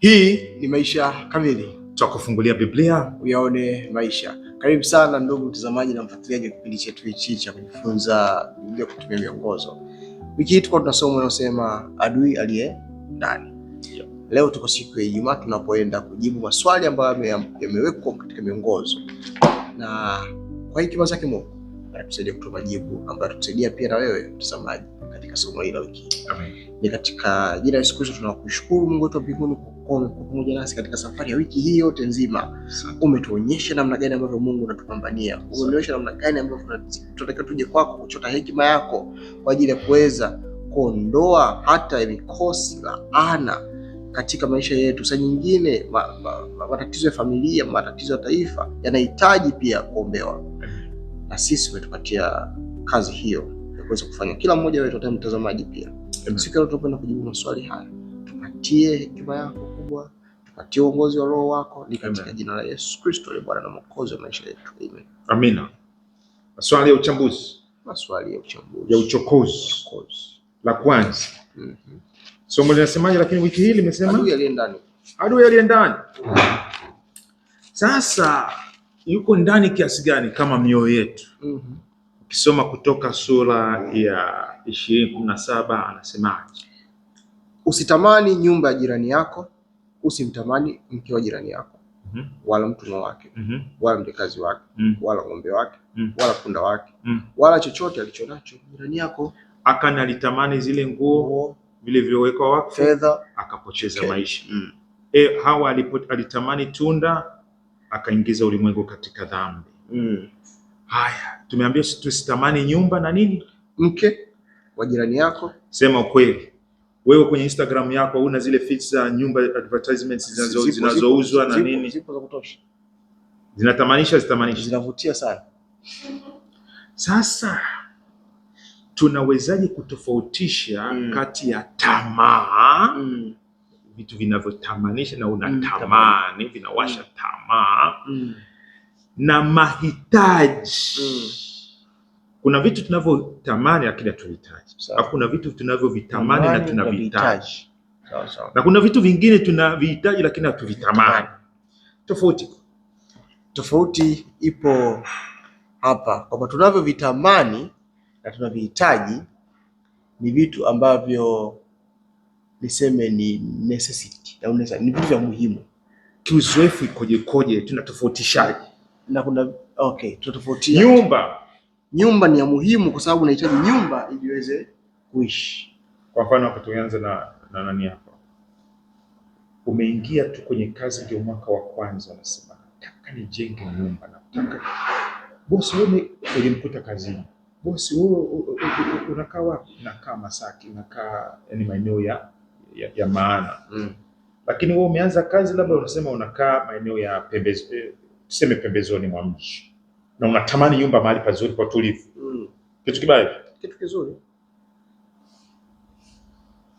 Hii ni Maisha Kamili, tutakufungulia Biblia uyaone maisha. Karibu sana ndugu mtazamaji na mfuatiliaji wa kipindi chetu hichi cha kujifunza Biblia kutumia miongozo. Wiki hii tuko tuna somo linalosema adui aliye ndani. Leo tuko siku ya Ijumaa tunapoenda kujibu maswali ambayo yamewekwa katika miongozo na kwa hekima zake Mungu atatusaidia kutoa majibu ambayo atusaidia pia na wewe mtazamaji katika somo hili la wiki. Ni katika jina la Yesu Kristo tunakushukuru Mungu wetu wa mbinguni kwa kuwa pamoja nasi katika safari ya wiki hii yote nzima. Umetuonyesha namna gani ambavyo Mungu anatupambania, Umeonyesha namna gani ambavyo tunatakiwa tuje kwako kuchota hekima yako kwa ajili ya kuweza kuondoa hata mikosi la ana katika maisha yetu. Saa nyingine matatizo ma, ma, ma, ya familia, matatizo ya taifa yanahitaji pia kuombewa na sisi umetupatia kazi hiyo ya kuweza kufanya. Kila mmoja wetu hata mtazamaji pia, siku leo tunakwenda kujibu maswali haya. Tupatie hekima yako kubwa, tupatie uongozi wa Roho wako, ni katika jina la Yesu Kristo aliye ee Bwana na Mwokozi wa maisha yetu. Amen. Amina. Maswali ya uchambuzi, maswali ya uchambuzi ya uchokozi. La kwanza, mm -hmm. Somo linasemaje? Lakini wiki hii limesema adui aliye ndani, adui aliye ndani. Sasa yuko ndani kiasi gani kama mioyo yetu. Mhm. Ukisoma mm -hmm. Kutoka sura ya ishirini kumi na saba anasemaje? Usitamani nyumba ya jirani yako, usimtamani mke wa jirani yako mm -hmm. wala mtumwa wake mm -hmm. wala mjakazi wake mm -hmm. wala ng'ombe wake mm -hmm. wala punda wake mm -hmm. wala chochote alichonacho jirani yako. Akani alitamani zile nguo vile vilivyowekwa wakfu, fedha, akapoteza okay. maisha mm -hmm. E, Hawa alipo, alitamani tunda akaingiza ulimwengu katika dhambi. Mm. Haya, tumeambiwa tusitamani nyumba na nini, mke wa jirani yako. Sema ukweli wewe kwenye Instagram yako una zile feeds za nyumba advertisements zinazouzwa na nini? Zipo za kutosha. Zinatamanisha, zitamanisha. Zinavutia sana. Sasa tunawezaje kutofautisha mm. kati ya tamaa mm vitu vinavyotamanisha na mm, unatamani mm, vinawasha mm, tamaa mm, na mahitaji mm. Kuna vitu tunavyotamani lakini hatuhitaji, na kuna vitu tunavyovitamani na tunavihitaji, na kuna vitu vingine tunavihitaji lakini hatuvitamani. Tofauti tofauti ipo hapa kwamba tunavyovitamani na tunavihitaji ni vitu ambavyo niseme ni necessity au ni vitu vya muhimu. Kiuzoefu ikoje koje, tunatofautishaje? Na kuna okay, tunatofautisha nyumba. Nyumba ni ya muhimu kwa sababu unahitaji nyumba ili iweze kuishi. Kwa mfano wakati tuanze na, na nani hapa, umeingia tu kwenye kazi, ndio mwaka wa kwanza, unasema nataka nijenge nyumba, nataka bosi, wewe ulimkuta kazini bosi, wewe unakaa wapi? Nakaa Masaki, nakaa yani maeneo ya ya, ya maana mm. Lakini wewe umeanza kazi labda unasema unakaa maeneo ya pembezo, eh, tuseme pembezoni mwa mji na unatamani nyumba mahali pazuri kwa tulivu mm. Kitu kibaya, kitu kizuri.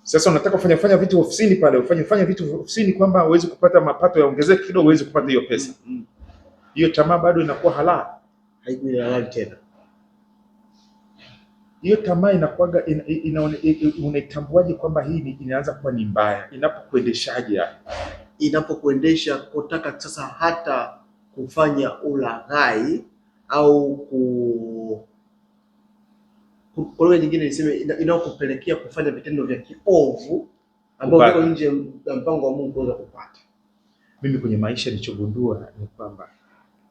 Sasa unataka kufanya fanya vitu ofisini pale, ufanye fanya vitu ofisini kwamba uweze kupata mapato ongezeke kidogo, uweze kupata hiyo pesa mm, mm. hiyo mm Tamaa bado inakuwa halali, haikuwa halali tena hiyo tamaa inakuaga unaitambuaje kwamba hii inaanza kuwa ni mbaya? Inapokuendeshaje? Inapokuendesha kutaka sasa hata kufanya ulaghai au ku kwa lugha nyingine niseme inayokupelekea kufanya vitendo vya kiovu ambao viko nje ya mpango wa Mungu kuweza kupata. Mimi kwenye maisha nilichogundua ni kwamba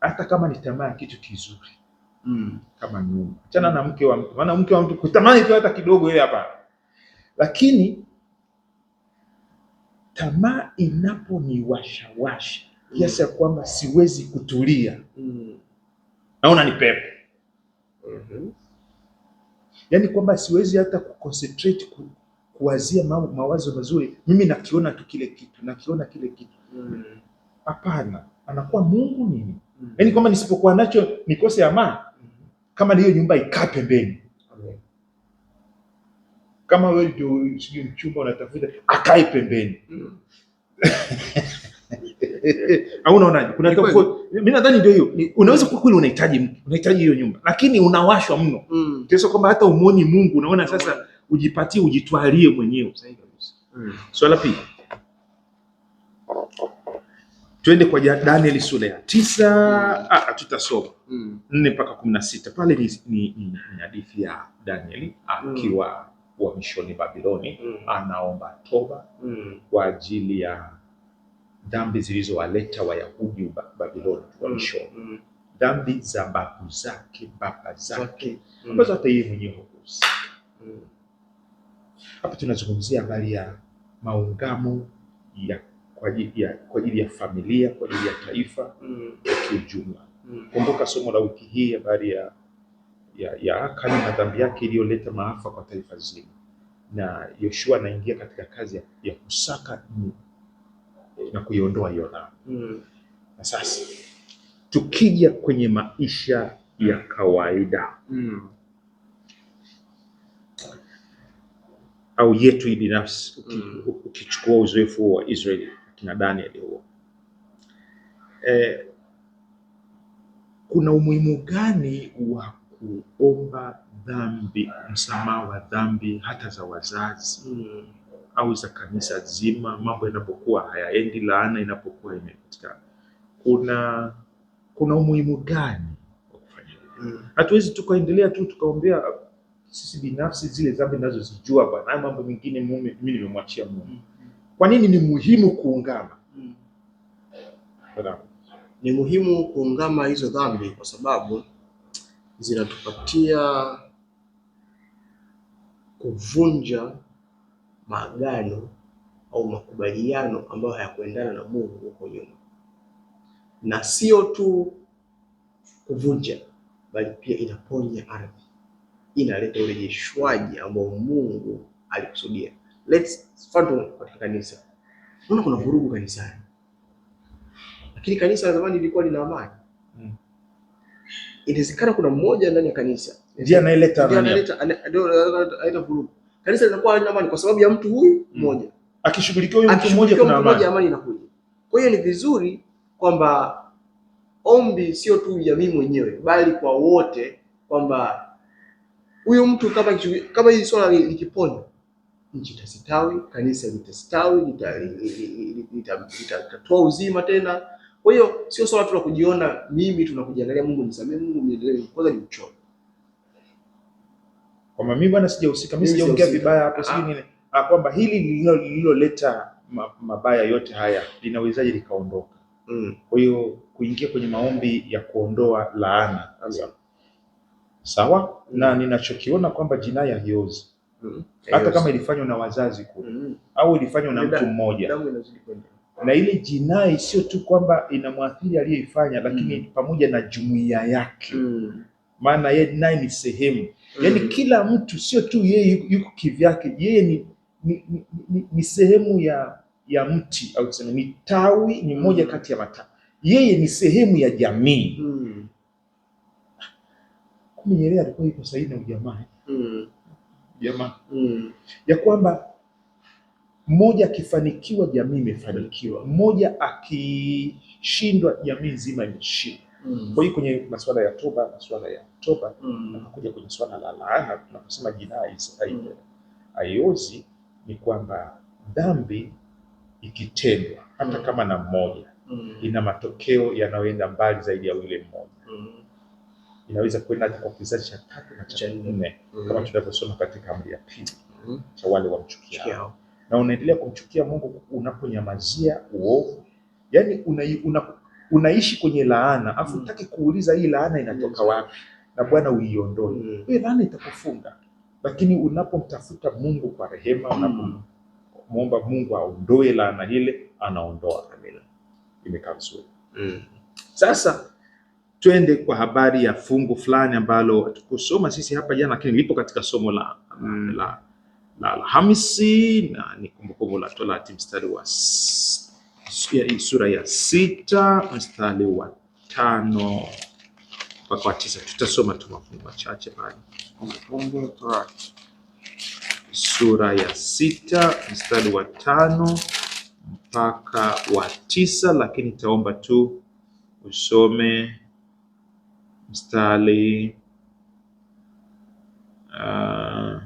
hata kama ni tamaa kitu kizuri Mm, kama nyuma Achana mm. na mke wa mtu, maana mke wa mtu kutamani tu hata kidogo ile hapa Lakini tamaa inaponiwashawasha kiasi ya mm. kwamba siwezi kutulia mm. naona ni pepo mm -hmm. Yaani kwamba siwezi hata kuconcentrate ku, kuwazia ma, mawazo mazuri. Mimi nakiona tu kile kitu, nakiona kile kitu hapana. mm. Anakuwa Mungu nini? mm. Yaani kwamba nisipokuwa nacho nikose amani kama hiyo nyumba ikaa pembeni, kama wewe ndio sijui mchumba unatafuta akae pembeni mm. au unaonaje? Kuna tofauti. Mimi nadhani ndio hiyo, unaweza kwa kweli unahitaji unahitaji hiyo nyumba, lakini unawashwa mno mm. kiasi kwamba hata umuoni Mungu, unaona sasa, ujipatie ujitwalie mwenyewe. Sahihi kabisa mm. swala pili Twende kwa Danieli sura ya tisa mm. Ah, tutasoma mm. nne mpaka kumi na sita pale ni hadithi ya Danieli akiwa mm. uhamishoni Babiloni mm. anaomba toba mm. kwa ajili ya dhambi zilizowaleta Wayahudi Babiloni uhamishoni mm. mm. dhambi za babu zake baba zake mm. ambazo mm. hata yeye mwenyewe hakuhusika mm. Hapa tunazungumzia habari ya maungamo ya kwa ajili ya, kwa ajili ya familia, kwa ajili ya taifa kwa mm. kiujumla mm. Kumbuka somo la wiki hii habari ya ya, ya Akani na dhambi yake iliyoleta maafa kwa taifa zima, na Yoshua anaingia katika kazi ya kusaka mm. na kuiondoa hiyo dhambi mm. Na sasa tukija kwenye maisha ya kawaida mm. au yetu binafsi, mm. ukichukua uzoefu wa Israeli kina Daniel huo. Eh, kuna umuhimu gani wa kuomba dhambi, msamaha wa dhambi hata za wazazi mm, au za kanisa zima, mambo yanapokuwa hayaendi, laana inapokuwa imepatikana, kuna kuna umuhimu gani wa kufanya hivyo? Mm, hatuwezi tukaendelea tu tukaombea sisi binafsi zile dhambi nazozijua bana, mambo mengine mimi nimemwachia Mungu. Kwa nini ni muhimu kuungama? Hmm. Ni muhimu kuungama hizo dhambi kwa sababu zinatupatia kuvunja maagano au makubaliano ambayo hayakuendana na Mungu huko nyuma, na sio tu kuvunja, bali pia inaponya ardhi, inaleta urejeshwaji ambao Mungu alikusudia let's fund katika kanisa. Unaona kuna vurugu kanisani. Lakini kanisa la zamani lilikuwa lina amani. Mm. Inawezekana kuna mmoja ndani ya kanisa ndiye anaileta ndiye vurugu. Kanisa linakuwa halina amani kwa sababu ya mtu huyu mm. mmoja. Mm. huyu mtu mmoja kuna amani. Amani inakuja. Kwa hiyo ni vizuri kwamba ombi sio tu ya mimi mwenyewe bali kwa wote kwamba huyu mtu kama kama hili swala likiponywa nchi tasitawi kanisa litastawi, litatoa uzima tena. Kwa hiyo sio swala tu la kujiona mimi, tunakujiangalia Mungu nisamehe, Mungu niendelee, kwanza ni mchoyo. Kwa mimi bwana sijahusika, mimi sijaongea vibaya hapo, sijui ah. nini, ah, kwamba hili lililoleta mabaya yote haya linawezaje likaondoka? Mm. Kwa hiyo kuingia kwenye maombi ya kuondoa laana. Sawa. Mm. Na ninachokiona kwamba jinai haiozi mm hata kama ilifanywa na wazazi kule mm au ilifanywa na mtu mmoja na ile jinai sio tu kwamba inamwathiri aliyeifanya, lakini mm. pamoja na jumuiya yake mm. maana yeye naye ni sehemu mm. yaani kila mtu sio tu yeye yuko kivyake, yeye ni, ni, ni, ni, ni sehemu ya ya mti au tuseme ni tawi, ni mm. moja mm. kati ya matawi, yeye ni sehemu ya jamii mm. Kumbe Nyerere alikuwa yuko sahihi na ujamaa eh? mm jamaa mm. ya kwamba mmoja akifanikiwa jamii imefanikiwa, mmoja akishindwa jamii nzima imeshindwa. Mm. Kwa hiyo kwenye masuala ya toba, masuala ya toba mm. nakuja kwenye swala la laana, tunaposema jinai mm. haiozi mm. ni kwamba dhambi ikitendwa hata mm. kama na mmoja mm. ina matokeo yanayoenda mbali zaidi ya yule mmoja mm inaweza kwenda hata kwa kizazi cha tatu na cha nne mm-hmm. kama tunavyosoma katika amri ya pili mm-hmm. cha wale wamchukiao, na unaendelea kumchukia Mungu unaponyamazia uovu, yani una, una, unaishi kwenye laana afu mm. Mm-hmm. utaki kuuliza hii laana inatoka wapi na Bwana uiondoe mm. hiyo laana itakufunga. Lakini unapomtafuta Mungu kwa rehema, unapomwomba Mungu aondoe laana ile, anaondoa. Amina, imekaa vizuri mm. Sasa twende kwa habari ya fungu fulani ambalo tukusoma sisi hapa jana, lakini lipo katika somo la mm. la la, la, na ni Kumbukumbu la Torati mstari wa sura ya sita mstari wa tano mpaka wa tisa. Tutasoma tu mafungu machache pale. Kumbukumbu la Torati sura ya sita mstari wa tano mpaka wa tisa, lakini taomba tu usome mstari uh,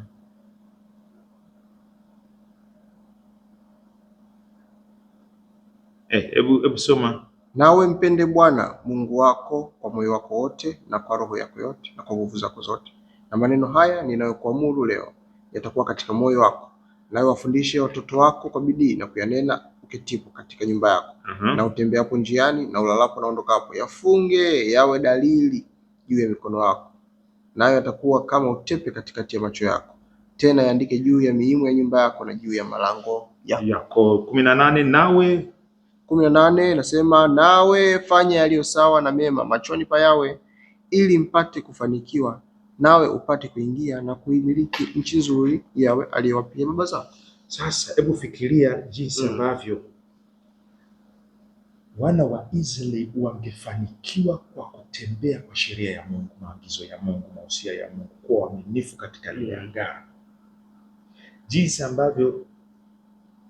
eh, soma nawe mpende Bwana Mungu wako kwa moyo wako wote na kwa roho yako yote na kwa nguvu zako zote, na maneno haya ninayokuamuru leo yatakuwa katika moyo wako, nawe wafundishe watoto wako kwa bidii na kuyanena uketipo katika nyumba yako uh -huh. na utembeapo njiani na ulalapo na ondokapo, yafunge yawe dalili juu ya mikono yako, nayo yatakuwa kama utepe katikati ya macho yako. Tena yaandike juu ya miimo ya nyumba yako na juu ya malango yako. yako. kumi na nane nawe kumi na nane inasema nawe fanya yaliyo sawa na mema machoni pa Yawe, ili mpate kufanikiwa nawe upate kuingia na kuimiliki nchi nzuri Yawe aliyowapia baba zako. Sasa hebu fikiria jinsi mm. ambavyo mm wana wa Israeli wangefanikiwa kwa kutembea kwa sheria ya Mungu, maagizo ya Mungu, mausia ya Mungu, kuwa waaminifu katika lile agano, jinsi ambavyo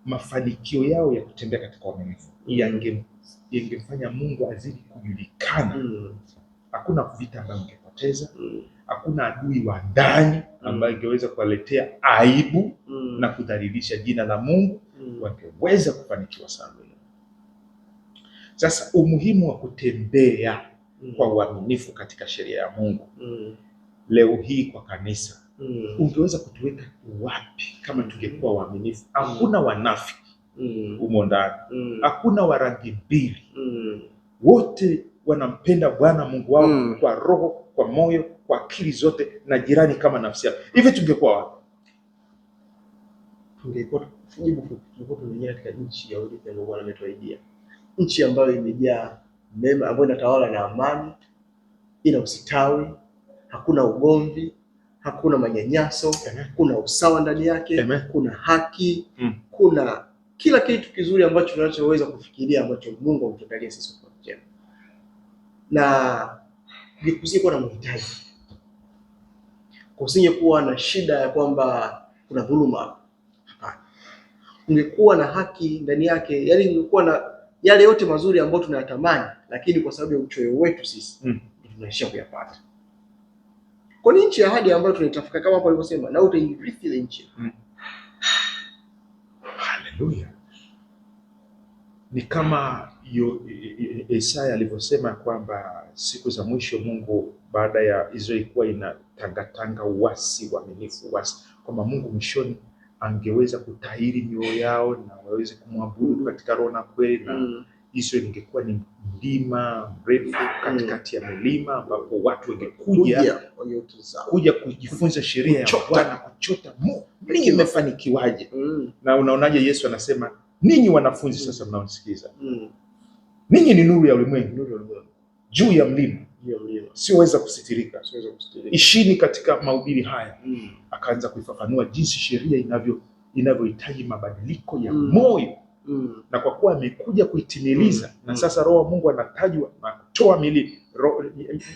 mafanikio yao ya kutembea katika uaminifu mm. yange yangemfanya Mungu azidi kujulikana. Mm. Hakuna vita ambayo hakuna Mm. Hakuna adui wa ndani mm. ambayo ingeweza kuwaletea aibu mm. na kudhalilisha jina la Mungu. Mm. Wangeweza kufanikiwa sana. Sasa umuhimu wa kutembea mm. kwa uaminifu katika sheria ya Mungu mm. leo hii kwa kanisa mm. ungeweza kutuweka wapi kama mm. tungekuwa waaminifu? Mm. Hakuna wanafiki mm. ndani mm. hakuna warangi mbili mm. wote wanampenda Bwana Mungu wao mm. kwa roho, kwa moyo, kwa akili zote na jirani kama nafsi yao. Hivi tungekuwa wapi? Tungekuwa katika nchi ya nchi ambayo imejaa mema, ambayo inatawala na amani, ina usitawi, hakuna ugomvi, hakuna manyanyaso, kuna usawa ndani yake Amen. kuna haki mm. kuna kila kitu kizuri ambacho tunachoweza kufikiria ambacho Mungu ametuandalia sisi kwa njema, na kuwa na mhitaji, kusingekuwa na shida ya kwamba kuna dhuluma, ungekuwa na haki ndani yake, yani ungekuwa na yale yote mazuri ambayo tunayatamani, lakini kwa sababu ya uchoyo wetu sisi mm. tunaishia kuyapata. Kwa nini nchi ya ahadi ambayo tunaitafuta kama hapo alivyosema, na utairithi ile nchi mm. Haleluya! Ni kama e, e, e, Isaya alivyosema kwamba siku za mwisho Mungu baada ya Israeli kuwa inatangatanga uasi, uaminifu, uasi kwamba Mungu mwishoni angeweza kutahiri mioyo yao na waweze kumwabudu katika roho na kweli, na hizo mm. ingekuwa ni mlima mrefu mm. katikati ya milima ambapo watu wangekuja kuja kujifunza sheria ya Bwana, kuchota ninyi mmefanikiwaje? Mm. Na unaonaje, Yesu anasema ninyi wanafunzi sasa mnaonisikiza, ninyi ni nuru ya ulimwengu, juu ya mlima siweza kusitirika. kusitirika ishini katika mahubiri haya mm. Akaanza kuifafanua jinsi sheria inavyo inavyohitaji mabadiliko ya mm. moyo mm. na kwa kuwa amekuja kuitimiliza mm. na mm. sasa Roho wa Mungu anatajwa na kutoa mili ro,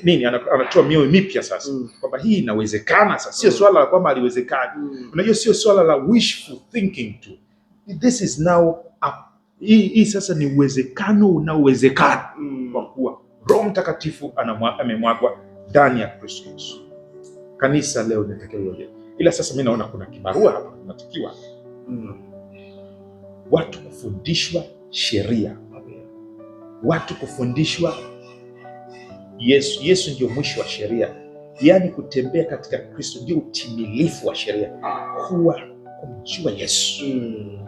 nini anatoa mioyo mipya sasa mm. kwamba hii inawezekana sasa, sio mm. swala la kwamba aliwezekana mm. unajua, sio swala la wishful thinking tu, this is now hii sasa ni uwezekano unaowezekana mm. kwa kuwa Roho Mtakatifu amemwagwa ndani ya Kristo Yesu. Kanisa leo linatakiwa ila sasa mi naona kuna kibarua hapa tunatakiwa mm. watu kufundishwa sheria, watu kufundishwa Yesu. Yesu ndio mwisho wa sheria, yaani kutembea katika Kristo ndio utimilifu wa sheria, kuwa kumjua Yesu mm.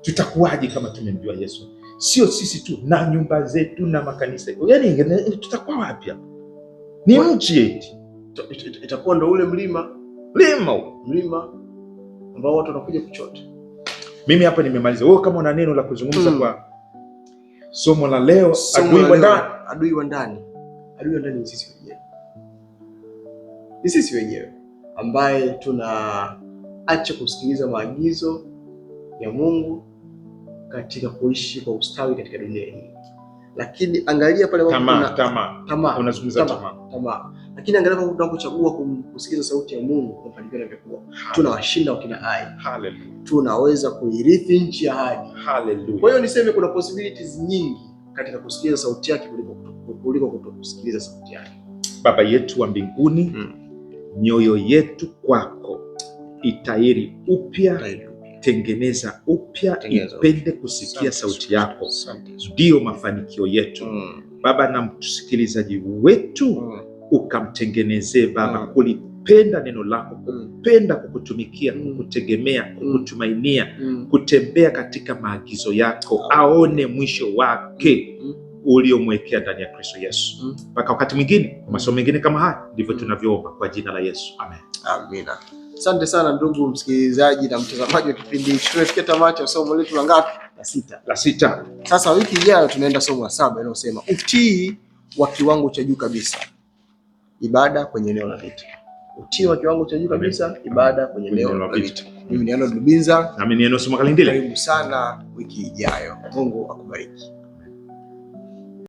Tutakuwaje kama tumemjua Yesu? sio sisi tu na nyumba zetu na makanisa, Yani tutakuwa wapi hapa? Ni mji eti itakuwa ndo ule mlima mlima mlima ambao watu wanakuja kuchota. Mimi hapa nimemaliza. Wewe kama una neno la kuzungumza hmm. kwa somo la leo, adui wa ndani, adui wa ndani ni sisi wenyewe, ni sisi wenyewe ambaye tunaacha kusikiliza maagizo ya Mungu katika kuishi kwa ustawi katika dunia hii. Lakini angalia pale tamaa, tamaa, tamaa, tamaa. Lakini angalia kwa kuchagua kusikiza sauti ya Mungu kwa mafanikio yanavyokuwa. Tunawashinda wakina Ai. Haleluya. Tunaweza kuirithi nchi ya ahadi. Haleluya. Kwa hiyo niseme kuna possibilities nyingi katika kusikiliza sauti yake kuliko kutokusikiliza sauti yake. Baba yetu wa mbinguni, mioyo hmm. yetu kwako itairi upya tengeneza upya, ipende kusikia sauti yako, ndiyo mafanikio yetu mm. Baba na msikilizaji wetu mm. ukamtengenezee Baba mm. kulipenda neno lako, mm. kupenda kukutumikia, mm. kukutegemea, mm. kukutumainia, kutembea katika maagizo yako, aone mwisho wake mm uliomwekea ndani ya Kristo Yesu mpaka mm. wakati mwingine, masomo mengine kama haya, ndivyo tunavyoomba kwa jina la Yesu, amen. Amina. Asante sana ndugu msikilizaji na mtazamaji wa kipindi hichi. Tumefikia tamati ya somo letu la ngapi? La sita. La sita. Sasa wiki ijayo tunaenda somo la saba inayosema utii wa kiwango cha juu kabisa, ibada kwenye eneo la vita. Utii wa kiwango cha juu kabisa, ibada kwenye eneo la vita. Mimi ni Arnold Rubinza. Nami ni Enos Makalindile. Karibu sana wiki ijayo. Mungu akubariki.